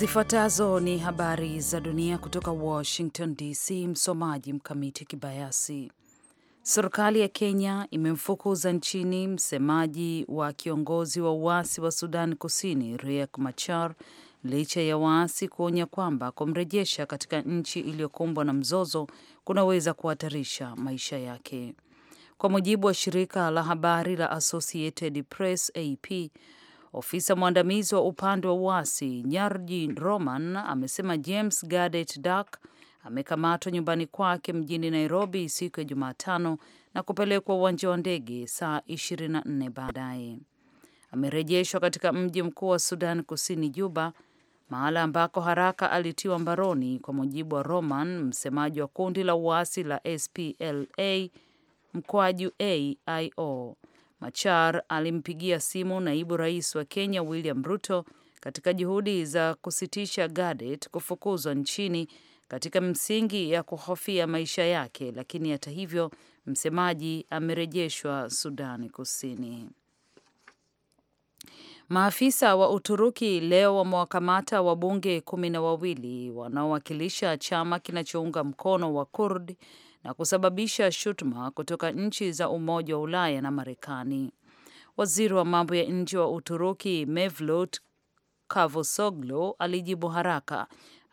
Zifuatazo ni habari za dunia kutoka Washington DC. Msomaji Mkamiti Kibayasi. Serikali ya Kenya imemfukuza nchini msemaji wa kiongozi wa uasi wa Sudan Kusini Riek Machar licha ya waasi kuonya kwamba kumrejesha katika nchi iliyokumbwa na mzozo kunaweza kuhatarisha maisha yake. Kwa mujibu wa shirika la habari la Associated Press AP, Ofisa mwandamizi wa upande wa uasi Nyarji Roman amesema James Gadet Dak amekamatwa nyumbani kwake mjini Nairobi siku ya Jumatano na kupelekwa uwanja wa ndege saa 24 baadaye. Amerejeshwa katika mji mkuu wa Sudan Kusini, Juba, mahala ambako haraka alitiwa mbaroni, kwa mujibu wa Roman, msemaji wa kundi la uasi la SPLA mkoaju AIO. Machar alimpigia simu naibu rais wa Kenya William Ruto katika juhudi za kusitisha Gadet kufukuzwa nchini katika msingi ya kuhofia maisha yake, lakini hata hivyo msemaji amerejeshwa Sudani Kusini. Maafisa wa Uturuki leo wamewakamata wabunge kumi na wawili wanaowakilisha chama kinachounga mkono wa Kurdi na kusababisha shutuma kutoka nchi za Umoja wa Ulaya na Marekani. Waziri wa mambo ya nje wa Uturuki Mevlut Cavusoglu alijibu haraka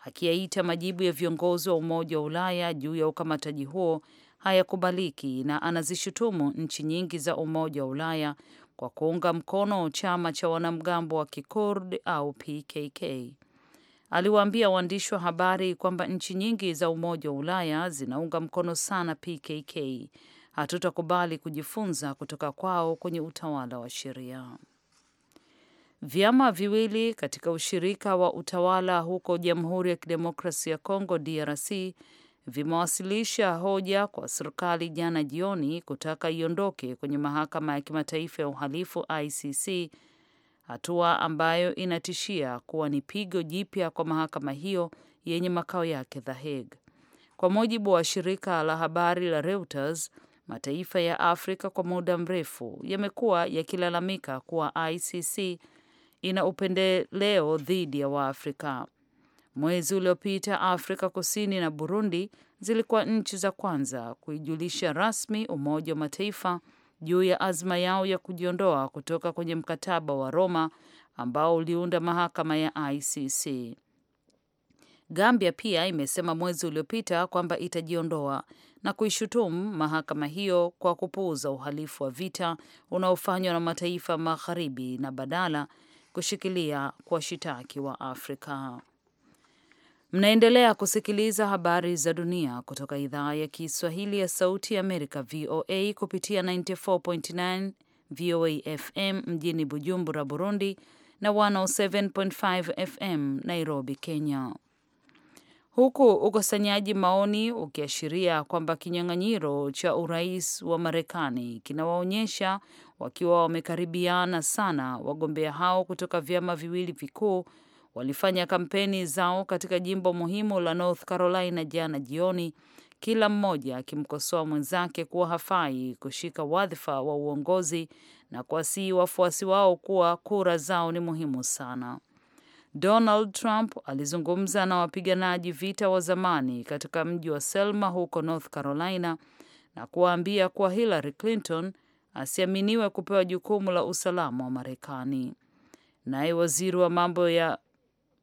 akiyaita majibu ya viongozi wa Umoja wa Ulaya juu ya ukamataji huo hayakubaliki, na anazishutumu nchi nyingi za Umoja wa Ulaya kwa kuunga mkono chama cha wanamgambo wa Kikurd au PKK aliwaambia waandishi wa habari kwamba nchi nyingi za Umoja wa Ulaya zinaunga mkono sana PKK. Hatutakubali kujifunza kutoka kwao kwenye utawala wa sheria. Vyama viwili katika ushirika wa utawala huko Jamhuri ya Kidemokrasia ya Kongo DRC vimewasilisha hoja kwa serikali jana jioni kutaka iondoke kwenye mahakama ya kimataifa ya uhalifu ICC hatua ambayo inatishia kuwa ni pigo jipya kwa mahakama hiyo yenye makao yake The Hague. Kwa mujibu wa shirika la habari la Reuters, mataifa ya Afrika kwa muda mrefu yamekuwa yakilalamika kuwa ICC ina upendeleo dhidi ya Waafrika. Mwezi uliopita Afrika Kusini na Burundi zilikuwa nchi za kwanza kuijulisha rasmi Umoja wa Mataifa juu ya azma yao ya kujiondoa kutoka kwenye mkataba wa Roma ambao uliunda mahakama ya ICC. Gambia pia imesema mwezi uliopita kwamba itajiondoa na kuishutumu mahakama hiyo kwa kupuuza uhalifu wa vita unaofanywa na mataifa magharibi na badala kushikilia kuwashitaki wa Afrika. Mnaendelea kusikiliza habari za dunia kutoka idhaa ya Kiswahili ya Sauti ya Amerika, VOA, kupitia 94.9 VOA FM mjini Bujumbura, Burundi, na 107.5 FM Nairobi, Kenya, huku ukusanyaji maoni ukiashiria kwamba kinyang'anyiro cha urais wa Marekani kinawaonyesha wakiwa wamekaribiana sana wagombea hao kutoka vyama viwili vikuu walifanya kampeni zao katika jimbo muhimu la North Carolina jana jioni, kila mmoja akimkosoa mwenzake kuwa hafai kushika wadhifa wa uongozi na kuwasihi wafuasi wao kuwa kura zao ni muhimu sana. Donald Trump alizungumza na wapiganaji vita wa zamani katika mji wa Selma huko North Carolina na kuwaambia kuwa Hillary Clinton asiaminiwe kupewa jukumu la usalama wa Marekani. Naye waziri wa mambo ya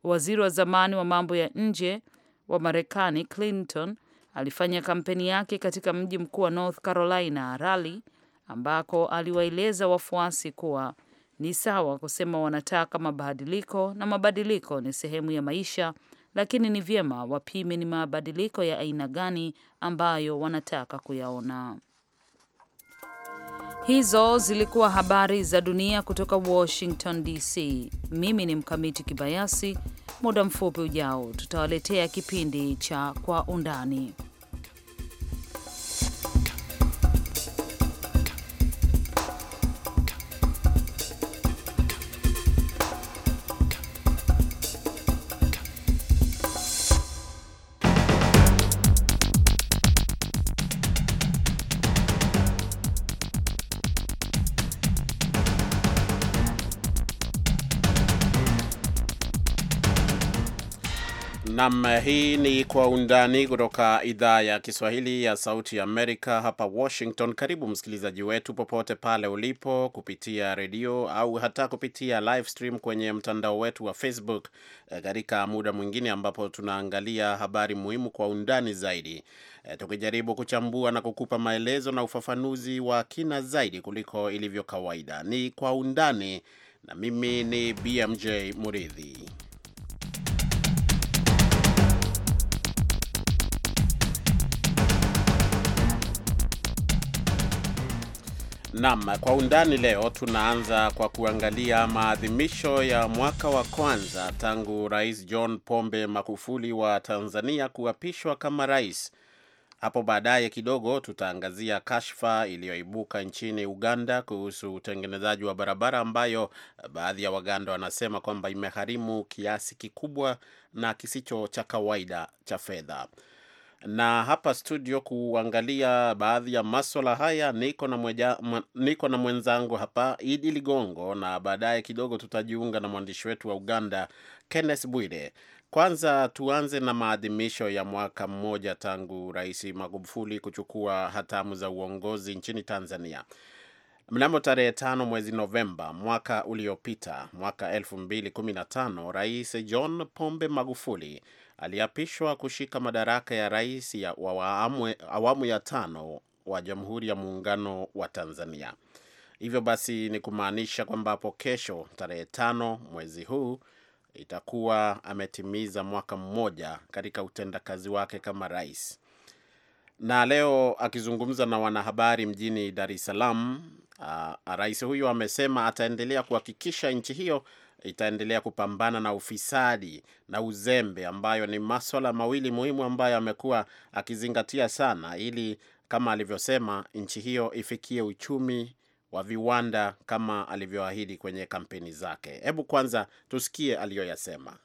Waziri wa zamani wa mambo ya nje wa Marekani Clinton alifanya kampeni yake katika mji mkuu wa North Carolina, Raleigh, ambako aliwaeleza wafuasi kuwa ni sawa kusema wanataka mabadiliko na mabadiliko ni sehemu ya maisha, lakini ni vyema wapime ni mabadiliko ya aina gani ambayo wanataka kuyaona. Hizo zilikuwa habari za dunia kutoka Washington DC. Mimi ni Mkamiti Kibayasi. Muda mfupi ujao tutawaletea kipindi cha Kwa Undani. Nam, hii ni Kwa Undani kutoka idhaa ya Kiswahili ya Sauti ya Amerika hapa Washington. Karibu msikilizaji wetu popote pale ulipo, kupitia redio au hata kupitia live stream kwenye mtandao wetu wa Facebook, eh, katika muda mwingine ambapo tunaangalia habari muhimu kwa undani zaidi, eh, tukijaribu kuchambua na kukupa maelezo na ufafanuzi wa kina zaidi kuliko ilivyo kawaida. Ni Kwa Undani na mimi ni BMJ Muridhi. Naam, kwa undani leo tunaanza kwa kuangalia maadhimisho ya mwaka wa kwanza tangu Rais John Pombe Magufuli wa Tanzania kuapishwa kama rais. Hapo baadaye kidogo tutaangazia kashfa iliyoibuka nchini Uganda kuhusu utengenezaji wa barabara ambayo baadhi ya Waganda wanasema kwamba imegharimu kiasi kikubwa na kisicho cha kawaida cha fedha na hapa studio kuangalia baadhi ya maswala haya niko na, mweja, niko na mwenzangu hapa Idi Ligongo, na baadaye kidogo tutajiunga na mwandishi wetu wa Uganda Kenneth Bwire. Kwanza tuanze na maadhimisho ya mwaka mmoja tangu Rais Magufuli kuchukua hatamu za uongozi nchini Tanzania. Mnamo tarehe tano mwezi Novemba mwaka uliopita, mwaka 2015, Rais John Pombe Magufuli aliapishwa kushika madaraka ya rais ya awamu ya tano wa Jamhuri ya Muungano wa Tanzania. Hivyo basi ni kumaanisha kwamba hapo kesho tarehe tano mwezi huu itakuwa ametimiza mwaka mmoja katika utendakazi wake kama rais. Na leo akizungumza na wanahabari mjini Dar es Salaam, ah, ah, rais huyu amesema ataendelea kuhakikisha nchi hiyo itaendelea kupambana na ufisadi na uzembe, ambayo ni maswala mawili muhimu ambayo amekuwa akizingatia sana, ili kama alivyosema, nchi hiyo ifikie uchumi wa viwanda kama alivyoahidi kwenye kampeni zake. Hebu kwanza tusikie aliyoyasema.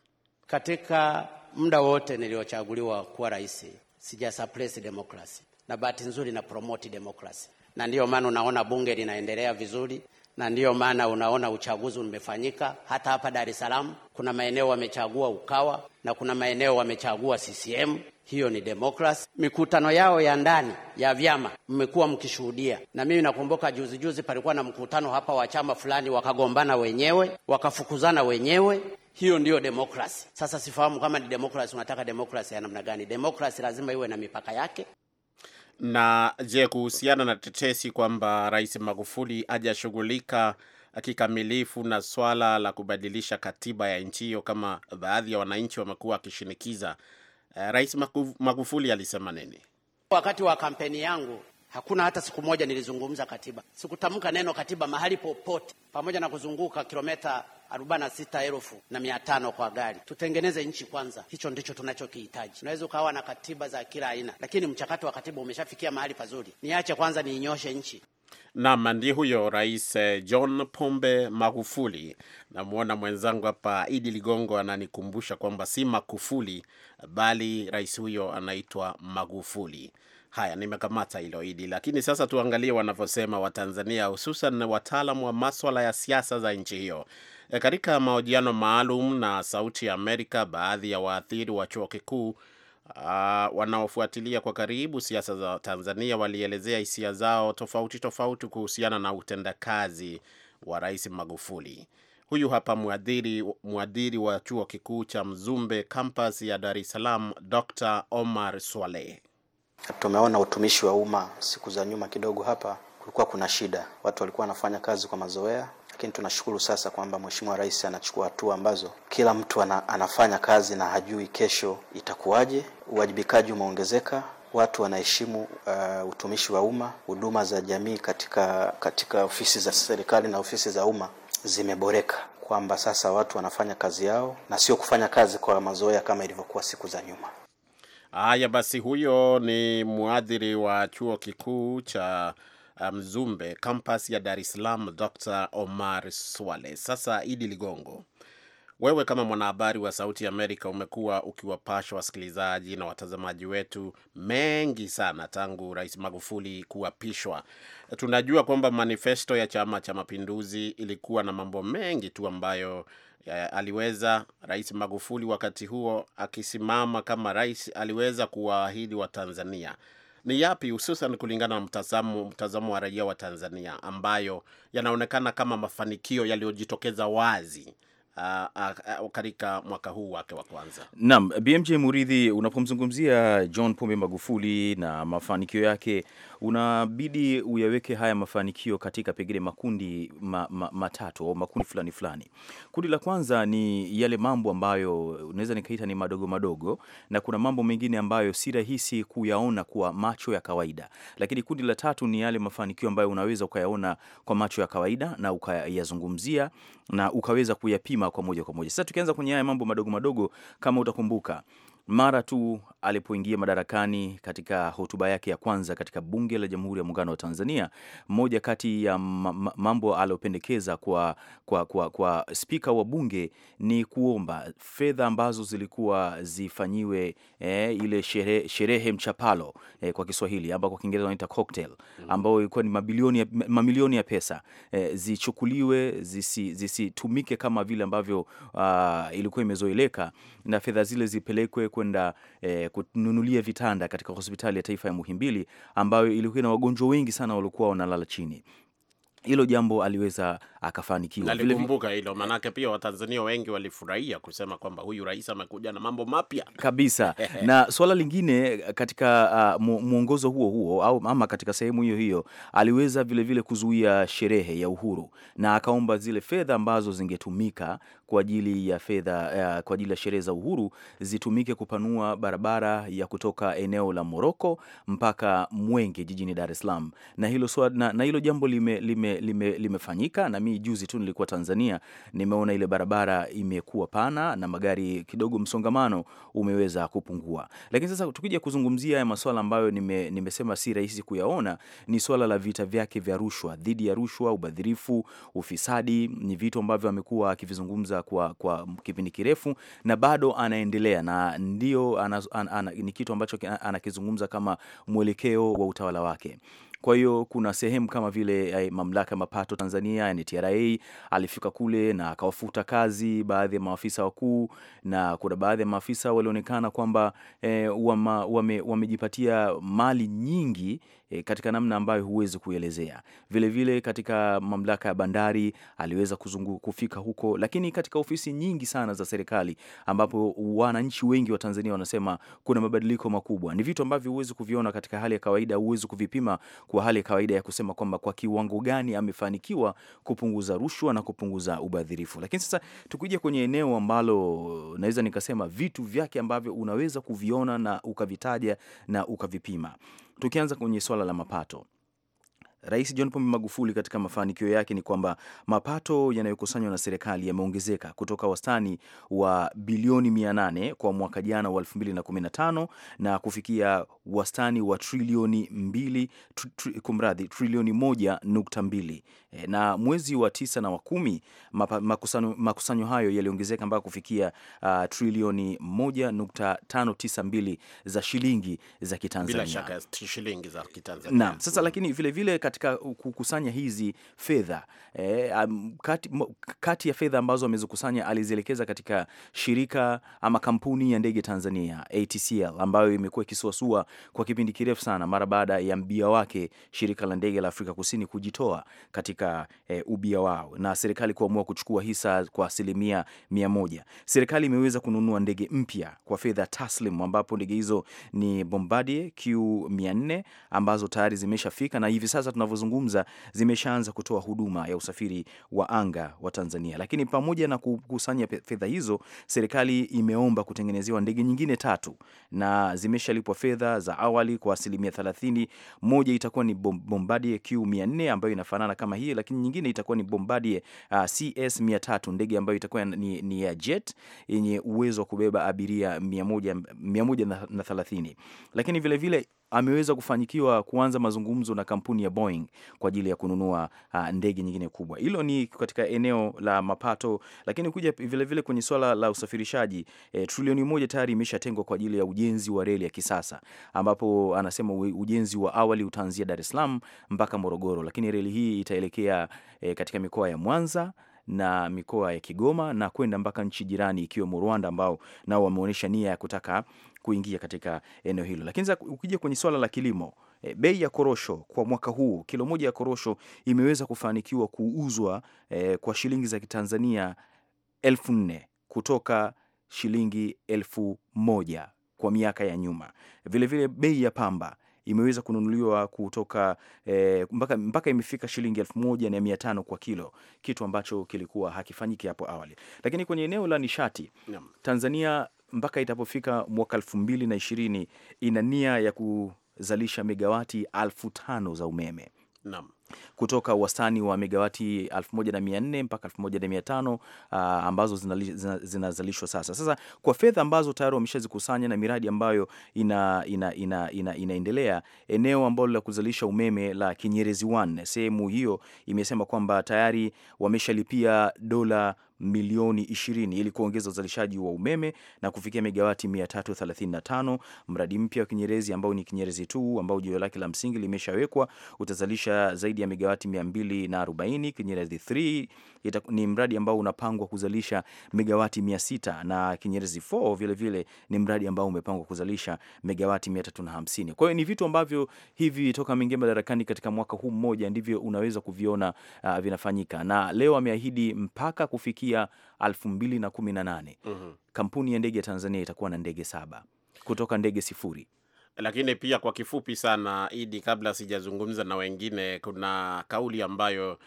Katika muda wote niliochaguliwa kuwa rais, sija suppress democracy, na bahati nzuri na promote democracy, na ndiyo maana unaona bunge linaendelea vizuri, na ndiyo maana unaona uchaguzi umefanyika. Hata hapa Dar es Salaam kuna maeneo wamechagua Ukawa na kuna maeneo wamechagua CCM. Hiyo ni demokrasi. Mikutano yao ya ndani ya vyama mmekuwa mkishuhudia, na mimi nakumbuka juzi juzi palikuwa na mkutano hapa wa chama fulani, wakagombana wenyewe, wakafukuzana wenyewe, hiyo ndiyo demokrasi. Sasa sifahamu kama ni demokrasi, unataka demokrasi ya namna gani? Demokrasi lazima iwe na mipaka yake. Na je, kuhusiana na tetesi kwamba Rais Magufuli hajashughulika kikamilifu na swala la kubadilisha katiba ya nchi hiyo kama baadhi ya wananchi wamekuwa wakishinikiza, eh, Rais Magufuli alisema nini wakati wa kampeni yangu? Hakuna hata siku moja nilizungumza katiba, sikutamka neno katiba mahali popote, pamoja na kuzunguka kilomita arobaini na sita elfu na mia tano kwa gari. Tutengeneze nchi kwanza, hicho ndicho tunachokihitaji. Unaweza ukawa na katiba za kila aina, lakini mchakato wa katiba umeshafikia mahali pazuri. Niache kwanza niinyoshe nchi. Nam, ndi huyo Rais eh, John Pombe Magufuli. Namwona mwenzangu hapa Idi Ligongo ananikumbusha kwamba si Makufuli bali rais huyo anaitwa Magufuli. Haya, nimekamata hilo hili, lakini sasa tuangalie wanavyosema Watanzania, hususan wataalamu wa maswala ya siasa za nchi hiyo. E, katika mahojiano maalum na Sauti ya Amerika, baadhi ya waathiri wa chuo kikuu uh, wanaofuatilia kwa karibu siasa za Tanzania walielezea hisia zao tofauti tofauti kuhusiana na utendakazi wa Rais Magufuli. Huyu hapa mwadhiri, mwadhiri wa chuo kikuu cha Mzumbe kampas ya Dar es Salaam, Dr. Omar Swaleh. Tumeona utumishi wa umma siku za nyuma kidogo hapa kulikuwa kuna shida, watu walikuwa wanafanya kazi kwa mazoea, lakini tunashukuru sasa kwamba Mheshimiwa Rais anachukua hatua ambazo kila mtu ana, anafanya kazi na hajui kesho itakuwaje. Uwajibikaji umeongezeka, watu wanaheshimu uh, utumishi wa umma. Huduma za jamii katika katika ofisi za serikali na ofisi za umma zimeboreka kwamba sasa watu wanafanya kazi yao na sio kufanya kazi kwa mazoea kama ilivyokuwa siku za nyuma. Haya basi, huyo ni mwadhiri wa chuo kikuu cha ah, Mzumbe campus ya Dar es Salaam, Dr Omar Swale. Sasa Idi Ligongo, wewe kama mwanahabari wa Sauti Amerika umekuwa ukiwapasha wasikilizaji na watazamaji wetu mengi sana tangu Rais Magufuli kuapishwa. Tunajua kwamba manifesto ya Chama cha Mapinduzi ilikuwa na mambo mengi tu ambayo aliweza Rais Magufuli wakati huo akisimama kama rais, aliweza kuwaahidi Watanzania ni yapi, hususan kulingana na mtazamo mtazamo wa raia wa Tanzania ambayo yanaonekana kama mafanikio yaliyojitokeza wazi uh, uh, katika mwaka huu wake wa kwanza. Naam, BMJ Muridhi, unapomzungumzia John Pombe Magufuli na mafanikio yake unabidi uyaweke haya mafanikio katika pengine makundi ma, ma, matatu au makundi fulani fulani. Kundi la kwanza ni yale mambo ambayo unaweza nikaita ni madogo madogo, na kuna mambo mengine ambayo si rahisi kuyaona kwa macho ya kawaida, lakini kundi la tatu ni yale mafanikio ambayo unaweza ukayaona kwa macho ya kawaida na ukayazungumzia na ukaweza kuyapima kwa moja kwa moja. Sasa tukianza kwenye haya mambo madogo madogo, kama utakumbuka mara tu alipoingia madarakani katika hotuba yake ya kwanza katika bunge la Jamhuri ya Muungano wa Tanzania, moja kati ya mambo aliyopendekeza kwa, kwa, kwa, kwa spika wa bunge ni kuomba fedha ambazo zilikuwa zifanyiwe eh, ile shere, sherehe mchapalo eh, kwa Kiswahili ambao kwa Kiingereza wanaita cocktail, mm-hmm. ambayo ilikuwa ni mabilioni ya, mamilioni ya pesa eh, zichukuliwe zisitumike zisi kama vile ambavyo uh, ilikuwa imezoeleka na fedha zile zipelekwe kwenda e, kununulia vitanda katika hospitali ya taifa ya Muhimbili ambayo ilikuwa na wagonjwa wengi sana waliokuwa wanalala chini hilo jambo aliweza akafanikiwa. Nalikumbuka hilo maanake, pia Watanzania wengi walifurahia kusema kwamba huyu rais amekuja na mambo mapya kabisa. na suala lingine katika uh, mwongozo huo huo au ama katika sehemu hiyo hiyo aliweza vilevile kuzuia sherehe ya uhuru na akaomba zile fedha ambazo zingetumika kwa ajili ya fedha eh, kwa ajili ya sherehe za uhuru zitumike kupanua barabara ya kutoka eneo la Moroko mpaka Mwenge jijini Dar es Salaam, na hilo na, na hilo jambo limefanyika lime, lime, limefanyika na mi juzi tu nilikuwa Tanzania, nimeona ile barabara imekuwa pana na magari kidogo, msongamano umeweza kupungua. Lakini sasa tukija kuzungumzia haya masuala ambayo nime, nimesema si rahisi kuyaona, ni swala la vita vyake vya rushwa, dhidi ya rushwa, ubadhirifu, ufisadi, ni vitu ambavyo amekuwa akivizungumza kwa, kwa kipindi kirefu na bado anaendelea na ndio ana, ana, ana, ni kitu ambacho anakizungumza kama mwelekeo wa utawala wake. Kwa hiyo kuna sehemu kama vile eh, mamlaka ya mapato Tanzania, yani TRA, alifika kule na akawafuta kazi baadhi ya maafisa wakuu, na kuna baadhi ya maafisa walionekana kwamba e, wame, wamejipatia mali nyingi e, katika namna ambayo huwezi kuelezea. Vilevile katika mamlaka ya bandari aliweza kuzungu, kufika huko, lakini katika ofisi nyingi sana za serikali ambapo wananchi wengi wa Tanzania wanasema kuna mabadiliko makubwa. Ni vitu ambavyo huwezi kuviona katika hali ya kawaida, huwezi kuvipima kwa hali ya kawaida ya kusema kwamba kwa kiwango gani amefanikiwa kupunguza rushwa na kupunguza ubadhirifu. Lakini sasa tukija kwenye eneo ambalo naweza nikasema vitu vyake ambavyo unaweza kuviona na ukavitaja na ukavipima tukianza kwenye swala la mapato Rais John Pombe Magufuli katika mafanikio yake ni kwamba mapato yanayokusanywa na serikali yameongezeka kutoka wastani wa bilioni 800 kwa mwaka jana wa 2015 na kufikia wastani wa trilioni mbili, kumradhi trilioni 1.2. E, na mwezi wa tisa na wa kumi makusanyo, makusanyo hayo yaliongezeka mpaka kufikia uh, trilioni 1.592 za shilingi za Kitanzania. Bila shaka shilingi za Kitanzania. sasa lakini vilevile vile katika kukusanya hizi fedha e, kati, kati ya fedha ambazo amezikusanya alizielekeza katika shirika ama kampuni ya ndege Tanzania ATCL ambayo imekuwa ikisuasua kwa kipindi kirefu sana mara baada ya mbia wake shirika la ndege la Afrika Kusini kujitoa katika e, ubia wao na serikali kuamua kuchukua hisa kwa asilimia mia moja. Serikali imeweza kununua ndege mpya kwa fedha taslim, ambapo ndege hizo ni Bombardier Q400 ambazo tayari zimeshafika na hivi sasa tunavyozungumza zimeshaanza kutoa huduma ya usafiri wa anga wa Tanzania. Lakini pamoja na kukusanya fedha hizo, serikali imeomba kutengenezewa ndege nyingine tatu na zimeshalipwa fedha za awali kwa asilimia 30. Moja itakuwa ni Bombardier Q400 ambayo inafanana kama hii, lakini nyingine itakuwa ni Bombardier uh, CS300 ndege ambayo itakuwa ni, ni ya jet yenye uwezo wa kubeba abiria 130 lakini vilevile vile, ameweza kufanikiwa kuanza mazungumzo na kampuni ya Boeing kwa ajili ya kununua uh, ndege nyingine kubwa. Hilo ni katika eneo la mapato, lakini kuja vilevile kwenye swala la usafirishaji eh, trilioni moja tayari imeshatengwa kwa ajili ya ujenzi wa reli ya kisasa, ambapo anasema ujenzi wa awali utaanzia Dar es Salaam mpaka Morogoro, lakini reli hii itaelekea eh, katika mikoa ya Mwanza na mikoa ya Kigoma na kwenda mpaka nchi jirani ikiwemo Rwanda, ambao nao wameonyesha nia ya kutaka kuingia katika eneo hilo. Lakini ukija kwenye swala la kilimo e, bei ya korosho kwa mwaka huu kilo moja ya korosho imeweza kufanikiwa kuuzwa e, kwa shilingi za Kitanzania elfu nne kutoka shilingi elfu moja kwa miaka ya nyuma. Vilevile bei ya pamba imeweza kununuliwa kutoka eh, mpaka, mpaka imefika shilingi elfu moja na mia tano kwa kilo, kitu ambacho kilikuwa hakifanyiki hapo awali. Lakini kwenye eneo la nishati yeah. Tanzania mpaka itapofika mwaka elfu mbili na ishirini ina nia ya kuzalisha megawati alfu tano za umeme Naam kutoka wastani wa megawati 1400 mpaka 1500 uh, ah, ambazo zinazalishwa zina, zina sasa. Sasa kwa fedha ambazo tayari wameshazikusanya na miradi ambayo ina, ina, ina, ina, inaendelea, eneo ambalo la kuzalisha umeme la Kinyerezi 1 sehemu hiyo imesema kwamba tayari wameshalipia dola milioni 20 ili kuongeza uzalishaji wa umeme na kufikia megawati 335. Mradi mpya wa Kinyerezi ambao ni Kinyerezi 2 ambao jiwe lake la msingi limeshawekwa utazalisha zaidi zaidi ya megawati 240. Kinyerezi 3 ni mradi ambao unapangwa kuzalisha megawati 600 na Kinyerezi 4 vilevile ni mradi ambao umepangwa kuzalisha megawati 350. Kwa hiyo ni vitu ambavyo hivi toka mingia madarakani katika mwaka huu mmoja ndivyo unaweza kuviona uh, vinafanyika na leo ameahidi mpaka kufikia 2018 mm -hmm. Kampuni ya ndege ya Tanzania itakuwa na ndege saba kutoka ndege sifuri. Lakini pia kwa kifupi sana, Idi, kabla sijazungumza na wengine, kuna kauli ambayo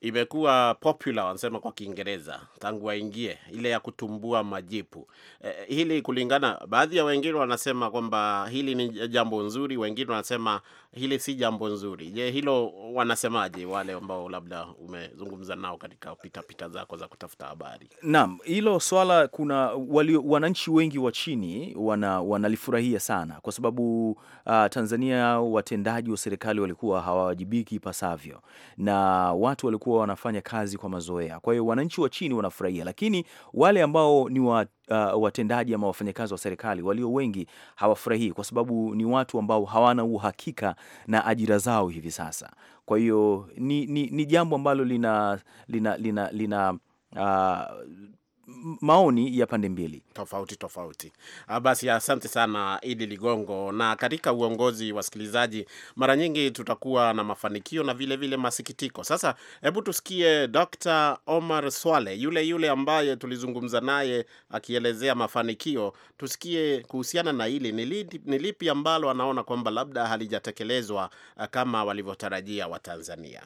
imekuwa popular wanasema kwa Kiingereza tangu waingie ile ya kutumbua majipu eh, eh hili kulingana, baadhi ya wengine wanasema kwamba hili ni jambo nzuri, wengine wanasema hili si jambo nzuri. Je, hilo wanasemaje wale ambao labda umezungumza nao katika pitapita pita zako za kutafuta habari? Naam, hilo swala kuna wali, wananchi wengi wa chini wana, wanalifurahia sana kwa sababu uh, Tanzania watendaji wa serikali walikuwa hawawajibiki ipasavyo na watu walikuwa wanakuwa wanafanya kazi kwa mazoea. Kwa hiyo wananchi wa chini wanafurahia, lakini wale ambao ni wa, uh, watendaji ama wafanyakazi wa serikali walio wengi hawafurahii, kwa sababu ni watu ambao hawana uhakika na ajira zao hivi sasa. Kwa hiyo ni, ni, ni jambo ambalo lina, lina, lina, lina Uh, maoni ya pande mbili tofauti tofauti. Ah, basi asante sana Idi Ligongo. Na katika uongozi, wasikilizaji, mara nyingi tutakuwa na mafanikio na vile vile masikitiko. Sasa hebu tusikie Dr. Omar Swale, yule yule ambaye tulizungumza naye akielezea mafanikio, tusikie kuhusiana na hili, ni lipi ambalo anaona kwamba labda halijatekelezwa ah, kama walivyotarajia Watanzania.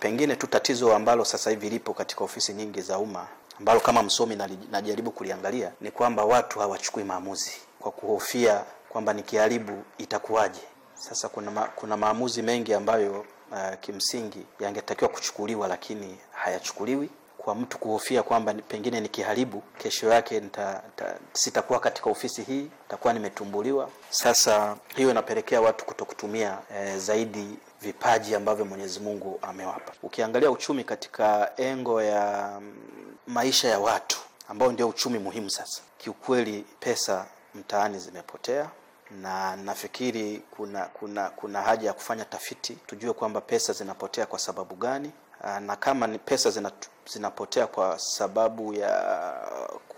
Pengine tu tatizo ambalo sasa hivi lipo katika ofisi nyingi za umma ambalo kama msomi najaribu kuliangalia ni kwamba watu hawachukui maamuzi kwa kuhofia kwamba nikiharibu itakuwaje. Sasa kuna, ma, kuna maamuzi mengi ambayo uh, kimsingi yangetakiwa kuchukuliwa lakini hayachukuliwi kwa mtu kuhofia kwamba pengine nikiharibu kesho yake nita, nita, sitakuwa katika ofisi hii, nitakuwa nimetumbuliwa. Sasa hiyo inapelekea watu kuto kutumia e, eh, zaidi vipaji ambavyo Mwenyezi Mungu amewapa. Ukiangalia uchumi katika engo ya mm, maisha ya watu ambao ndio uchumi muhimu sasa, kiukweli pesa mtaani zimepotea na nafikiri kuna kuna kuna haja ya kufanya tafiti tujue kwamba pesa zinapotea kwa sababu gani, na kama ni pesa zinapotea kwa sababu ya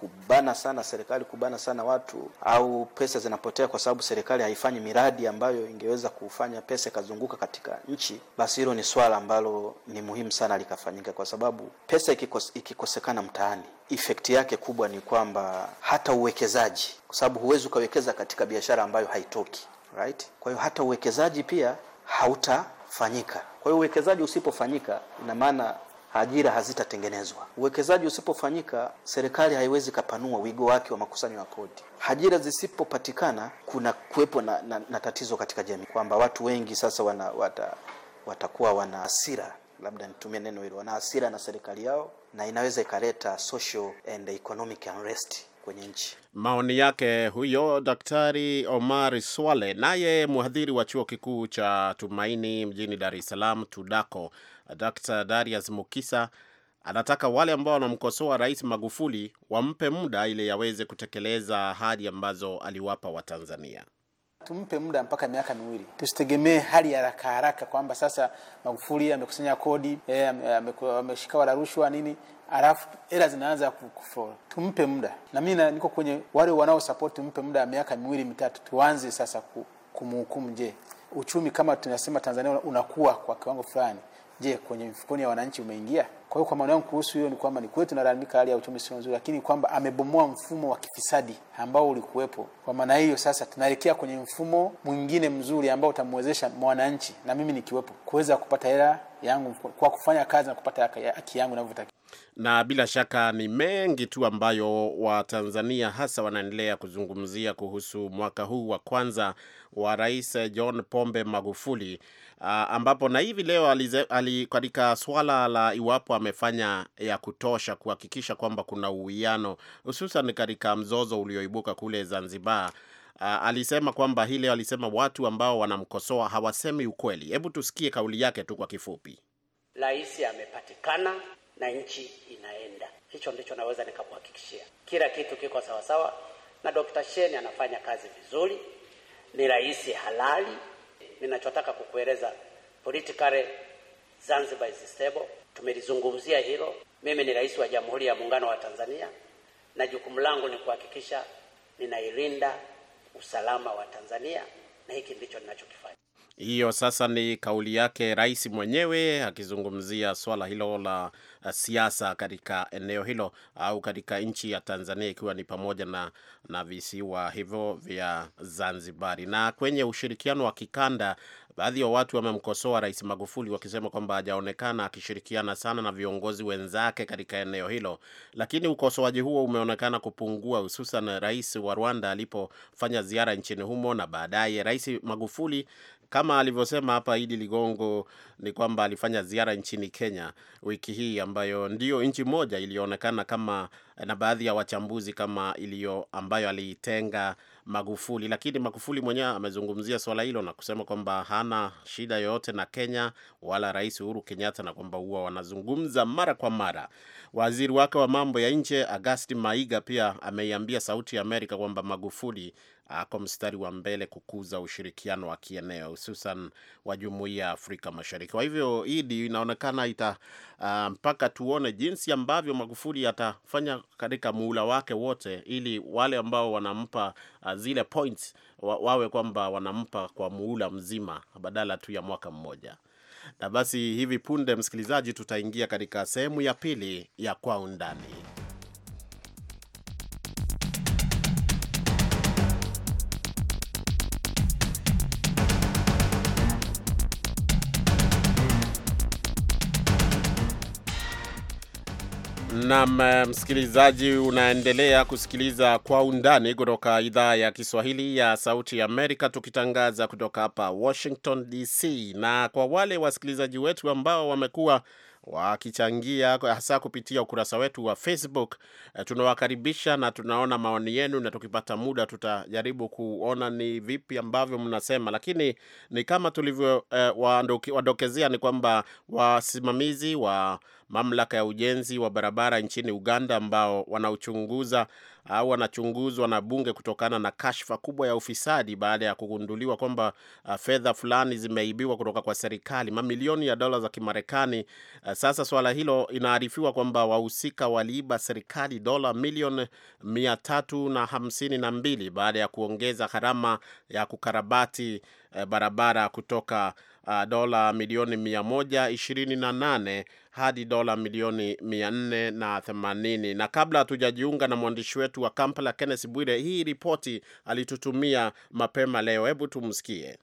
kubana sana serikali kubana sana watu au pesa zinapotea kwa sababu serikali haifanyi miradi ambayo ingeweza kufanya pesa ikazunguka katika nchi, basi hilo ni swala ambalo ni muhimu sana likafanyika, kwa sababu pesa ikikosekana mtaani efekti yake kubwa ni kwamba hata uwekezaji, kwa sababu huwezi ukawekeza katika biashara ambayo haitoki right. Kwa hiyo hata uwekezaji pia hautafanyika. Kwa hiyo uwekezaji usipofanyika, ina maana ajira hazitatengenezwa. Uwekezaji usipofanyika, serikali haiwezi kapanua wigo wake wa makusanyo ya kodi. Ajira zisipopatikana, kuna kuwepo na, na, na tatizo katika jamii kwamba watu wengi sasa wana, wata, watakuwa wana hasira, labda nitumie neno hilo, wana hasira na serikali yao, na inaweza ikaleta social and economic unrest kwenye nchi. Maoni yake huyo Daktari Omar Swale, naye mhadhiri wa chuo kikuu cha Tumaini mjini Dar es Salaam, TUDAKO, Dr. Darius Mukisa anataka wale ambao wanamkosoa Rais Magufuli wampe muda ili yaweze kutekeleza ahadi ambazo aliwapa Watanzania. Tumpe muda mpaka miaka miwili, tusitegemee hali ya haraka haraka kwamba sasa Magufuli amekusanya kodi, eh, ameshika wala rushwa nini alafu hela zinaanza kuflow. Tumpe muda, na mimi niko kwenye wale wanaosupport, tumpe muda ya miaka miwili mitatu, tuanze sasa kumhukumu. Je, uchumi kama tunasema Tanzania unakuwa kwa kiwango fulani, je, kwenye mfukoni ya wananchi umeingia? Kwa hiyo kwa maana yangu kuhusu hiyo ni kwamba ni kweli tunalalamika hali ya uchumi sio nzuri, lakini kwamba amebomoa mfumo wa kifisadi ambao ulikuwepo. Kwa maana hiyo sasa tunaelekea kwenye mfumo mwingine mzuri ambao utamwezesha mwananchi, na mimi nikiwepo, kuweza kupata hela yangu kwa kufanya kazi na kupata haki yangu inavyotakiwa na bila shaka ni mengi tu ambayo Watanzania hasa wanaendelea kuzungumzia kuhusu mwaka huu wa kwanza wa Rais John Pombe Magufuli, uh, ambapo na hivi leo katika swala la iwapo amefanya ya kutosha kuhakikisha kwamba kuna uwiano, hususan katika mzozo ulioibuka kule Zanzibar. Uh, alisema kwamba hii leo alisema watu ambao wanamkosoa hawasemi ukweli. Hebu tusikie kauli yake tu kwa kifupi. Rais amepatikana na nchi inaenda. Hicho ndicho naweza nikakuhakikishia, kila kitu kiko sawasawa na Dr. Sheni anafanya kazi vizuri, ni rais halali. Ninachotaka kukueleza politically, Zanzibar is stable. Tumelizungumzia hilo. Mimi ni rais wa Jamhuri ya Muungano wa Tanzania na jukumu langu ni kuhakikisha ninailinda usalama wa Tanzania na hiki ndicho ninachokifanya. Hiyo sasa ni kauli yake rais mwenyewe akizungumzia swala hilo la eh, siasa katika eneo hilo au katika nchi ya Tanzania ikiwa ni pamoja na, na visiwa hivyo vya Zanzibari. Na kwenye ushirikiano wa kikanda, baadhi ya watu wamemkosoa Rais Magufuli wakisema kwamba hajaonekana akishirikiana sana na viongozi wenzake katika eneo hilo, lakini ukosoaji huo umeonekana kupungua, hususan rais wa Rwanda alipofanya ziara nchini humo na baadaye Rais Magufuli kama alivyosema hapa Idi Ligongo ni kwamba alifanya ziara nchini Kenya wiki hii ambayo ndio nchi moja iliyoonekana kama eh, na baadhi ya wachambuzi kama iliyo ambayo aliitenga Magufuli, lakini Magufuli mwenyewe amezungumzia swala hilo na kusema kwamba hana shida yoyote na Kenya wala Rais Uhuru Kenyatta, na kwamba huwa wanazungumza mara kwa mara. Waziri wake wa mambo ya nje Agasti Maiga pia ameiambia Sauti ya Amerika kwamba Magufuli ako ah, mstari wa mbele kukuza ushirikiano wa kieneo hususan wa jumuiya ya Afrika Mashariki. Kwa hivyo idi inaonekana ita uh, mpaka tuone jinsi ambavyo Magufuli atafanya katika muula wake wote, ili wale ambao wanampa uh, zile points wa, wawe kwamba wanampa kwa muula mzima badala tu ya mwaka mmoja. Na basi hivi punde, msikilizaji, tutaingia katika sehemu ya pili ya kwa undani. nam eh, msikilizaji, unaendelea kusikiliza Kwa Undani kutoka idhaa ya Kiswahili ya Sauti ya Amerika, tukitangaza kutoka hapa Washington DC. Na kwa wale wasikilizaji wetu ambao wamekuwa wakichangia hasa kupitia ukurasa wetu wa Facebook. Eh, tunawakaribisha na tunaona maoni yenu, na tukipata muda tutajaribu kuona ni vipi ambavyo mnasema, lakini ni kama tulivyo eh, wadokezea ni kwamba wasimamizi wa mamlaka ya ujenzi wa barabara nchini Uganda ambao wanauchunguza au anachunguzwa na bunge kutokana na kashfa kubwa ya ufisadi baada ya kugunduliwa kwamba uh, fedha fulani zimeibiwa kutoka kwa serikali, mamilioni ya dola za Kimarekani. Uh, sasa swala hilo inaarifiwa kwamba wahusika waliiba serikali dola milioni mia tatu na hamsini na mbili baada ya kuongeza gharama ya kukarabati uh, barabara kutoka uh, dola milioni mia moja ishirini na nane hadi dola milioni mia nne na themanini. Na kabla hatujajiunga na mwandishi wetu wa Kampala Kenneth Bwire, hii ripoti alitutumia mapema leo, hebu tumsikie.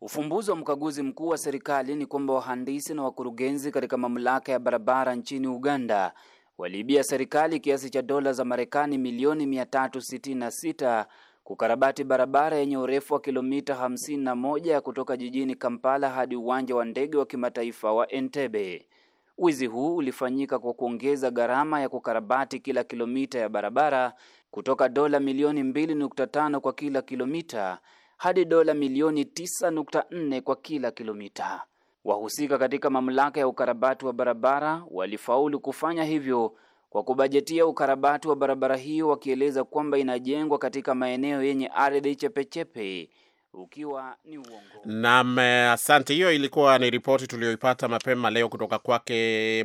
Ufumbuzi wa mkaguzi mkuu wa serikali ni kwamba wahandisi na wakurugenzi katika mamlaka ya barabara nchini Uganda waliibia serikali kiasi cha dola za Marekani milioni 366 kukarabati barabara yenye urefu wa kilomita 51 kutoka jijini Kampala hadi uwanja wa ndege wa kimataifa wa Entebbe. Wizi huu ulifanyika kwa kuongeza gharama ya kukarabati kila kilomita ya barabara kutoka dola milioni 2.5 kwa kila kilomita hadi dola milioni 9.4 kwa kila kilomita. Wahusika katika mamlaka ya ukarabati wa barabara walifaulu kufanya hivyo kwa kubajetia ukarabati wa barabara hiyo wakieleza kwamba inajengwa katika maeneo yenye ardhi chepechepe ukiwa ni uongo. Naam, eh, asante. Hiyo ilikuwa ni ripoti tuliyoipata mapema leo kutoka kwake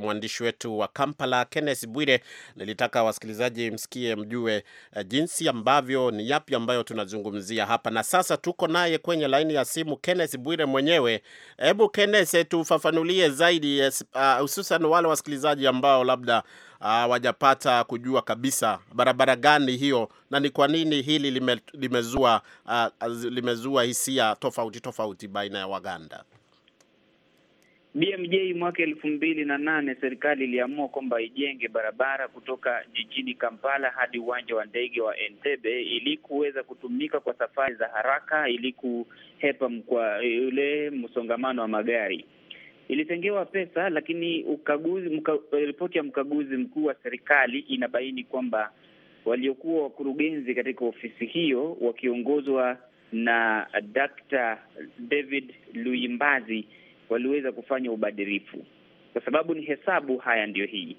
mwandishi wetu wa Kampala, Kenneth Bwire. Nilitaka wasikilizaji msikie, mjue eh, jinsi ambavyo ni yapi ambayo tunazungumzia hapa, na sasa tuko naye kwenye laini ya simu, Kenneth Bwire mwenyewe. Hebu Kenneth, tufafanulie zaidi, eh, ah, hususan uh, wale wasikilizaji ambao labda Ah, hawajapata uh, kujua kabisa barabara gani hiyo na ni kwa nini hili lime, limezua, uh, limezua hisia tofauti tofauti baina ya Waganda. BMJ mwaka elfu mbili na nane serikali iliamua kwamba ijenge barabara kutoka jijini Kampala hadi uwanja wa ndege wa Entebbe ili kuweza kutumika kwa safari za haraka ili kuhepa ule msongamano wa magari ilitengewa pesa, lakini ukaguzi mka, eh, ripoti ya mkaguzi mkuu wa serikali inabaini kwamba waliokuwa wakurugenzi katika ofisi hiyo wakiongozwa na Dr. David Luimbazi waliweza kufanya ubadhirifu. Kwa sababu ni hesabu, haya ndiyo hii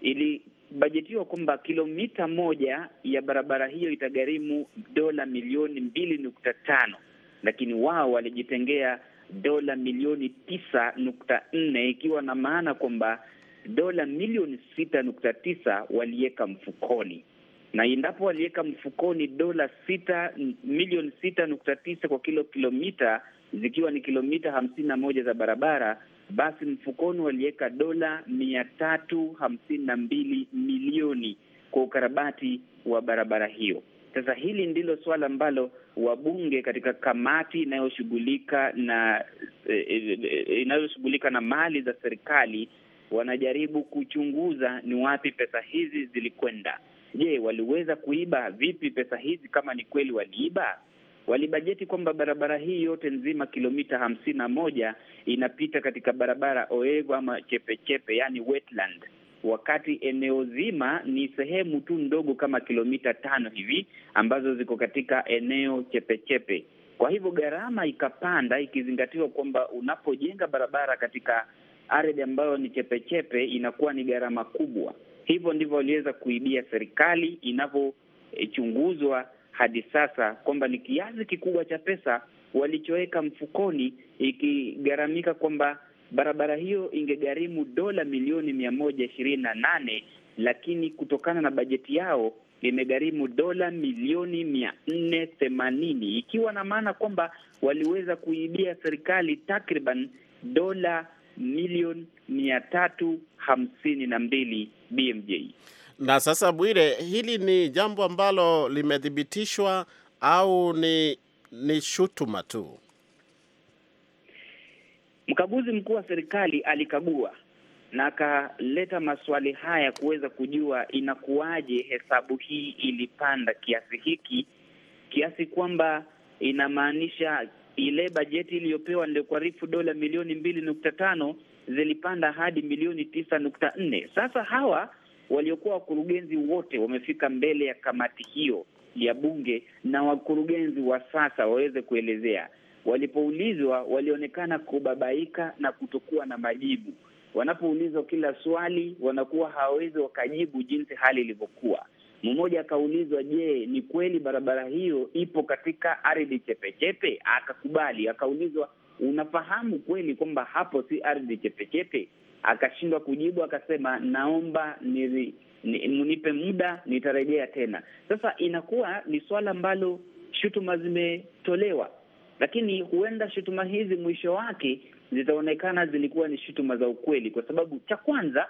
ili bajetiwa kwamba kilomita moja ya barabara hiyo itagharimu dola milioni mbili nukta tano lakini wao walijitengea dola milioni tisa nukta nne ikiwa na maana kwamba dola milioni sita nukta tisa waliweka mfukoni, na endapo waliweka mfukoni dola sita milioni sita nukta tisa kwa kilo kilomita, zikiwa ni kilomita hamsini na moja za barabara, basi mfukoni waliweka dola mia tatu hamsini na mbili milioni kwa ukarabati wa barabara hiyo. Sasa hili ndilo suala ambalo wabunge katika kamati inayoshughulika na e, e, e, inayoshughulika na mali za serikali wanajaribu kuchunguza ni wapi pesa hizi zilikwenda. Je, waliweza kuiba vipi pesa hizi? Kama ni kweli waliiba, walibajeti kwamba barabara hii yote nzima kilomita hamsini na moja inapita katika barabara oevu ama chepechepe, yani wetland wakati eneo zima ni sehemu tu ndogo kama kilomita tano hivi ambazo ziko katika eneo chepechepe chepe. Kwa hivyo gharama ikapanda ikizingatiwa kwamba unapojenga barabara katika ardhi ambayo ni chepechepe chepe, inakuwa ni gharama kubwa. Hivyo ndivyo waliweza kuibia serikali inavyochunguzwa hadi sasa kwamba ni kiasi kikubwa cha pesa walichoweka mfukoni, ikigharamika kwamba barabara hiyo ingegharimu dola milioni mia moja ishirini na nane lakini kutokana na bajeti yao imegharimu dola milioni mia nne themanini ikiwa na maana kwamba waliweza kuibia serikali takriban dola milioni mia tatu hamsini na mbili BMJ. Na sasa, Bwire, hili ni jambo ambalo limethibitishwa au ni, ni shutuma tu? Mkaguzi mkuu wa serikali alikagua na akaleta maswali haya kuweza kujua inakuwaje hesabu hii ilipanda kiasi hiki, kiasi kwamba inamaanisha ile bajeti iliyopewa nilikuarifu dola milioni mbili nukta tano zilipanda hadi milioni tisa nukta nne. Sasa hawa waliokuwa wakurugenzi wote wamefika mbele ya kamati hiyo ya bunge na wakurugenzi wa sasa waweze kuelezea Walipoulizwa walionekana kubabaika na kutokuwa na majibu. Wanapoulizwa kila swali, wanakuwa hawawezi wakajibu jinsi hali ilivyokuwa. Mmoja akaulizwa, je, ni kweli barabara hiyo ipo katika ardhi chepechepe? Akakubali. Akaulizwa, unafahamu kweli kwamba hapo si ardhi chepechepe? Akashindwa kujibu, akasema, naomba niri, ni, muda nitarejea tena. Sasa inakuwa ni swala ambalo shutuma zimetolewa lakini huenda shutuma hizi mwisho wake zitaonekana zilikuwa ni shutuma za ukweli, kwa sababu cha kwanza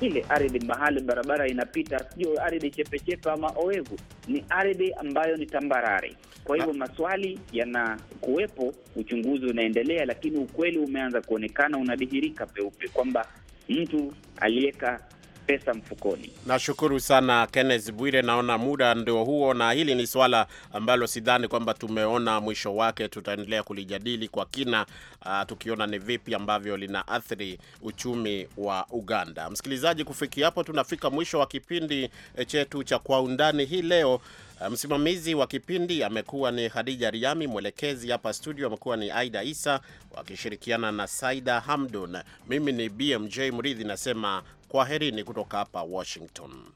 ile ardhi mahali barabara inapita sio ardhi chepechepe ama oevu, ni ardhi ambayo ni tambarare. Kwa hivyo maswali yanakuwepo, uchunguzi unaendelea, lakini ukweli umeanza kuonekana, unadhihirika peupe kwamba mtu aliyeka pesa mfukoni. Nashukuru sana Kenneth Bwire, naona muda ndio huo, na hili ni swala ambalo sidhani kwamba tumeona mwisho wake. Tutaendelea kulijadili kwa kina uh, tukiona ni vipi ambavyo linaathiri uchumi wa Uganda. Msikilizaji, kufikia hapo tunafika mwisho wa kipindi eh, chetu cha kwa undani hii leo. Uh, msimamizi wa kipindi amekuwa ni Khadija Riami, mwelekezi hapa studio amekuwa ni Aida Isa wakishirikiana na Saida Hamdun. Mimi ni BMJ Mridhi nasema Kwaherini kutoka hapa Washington.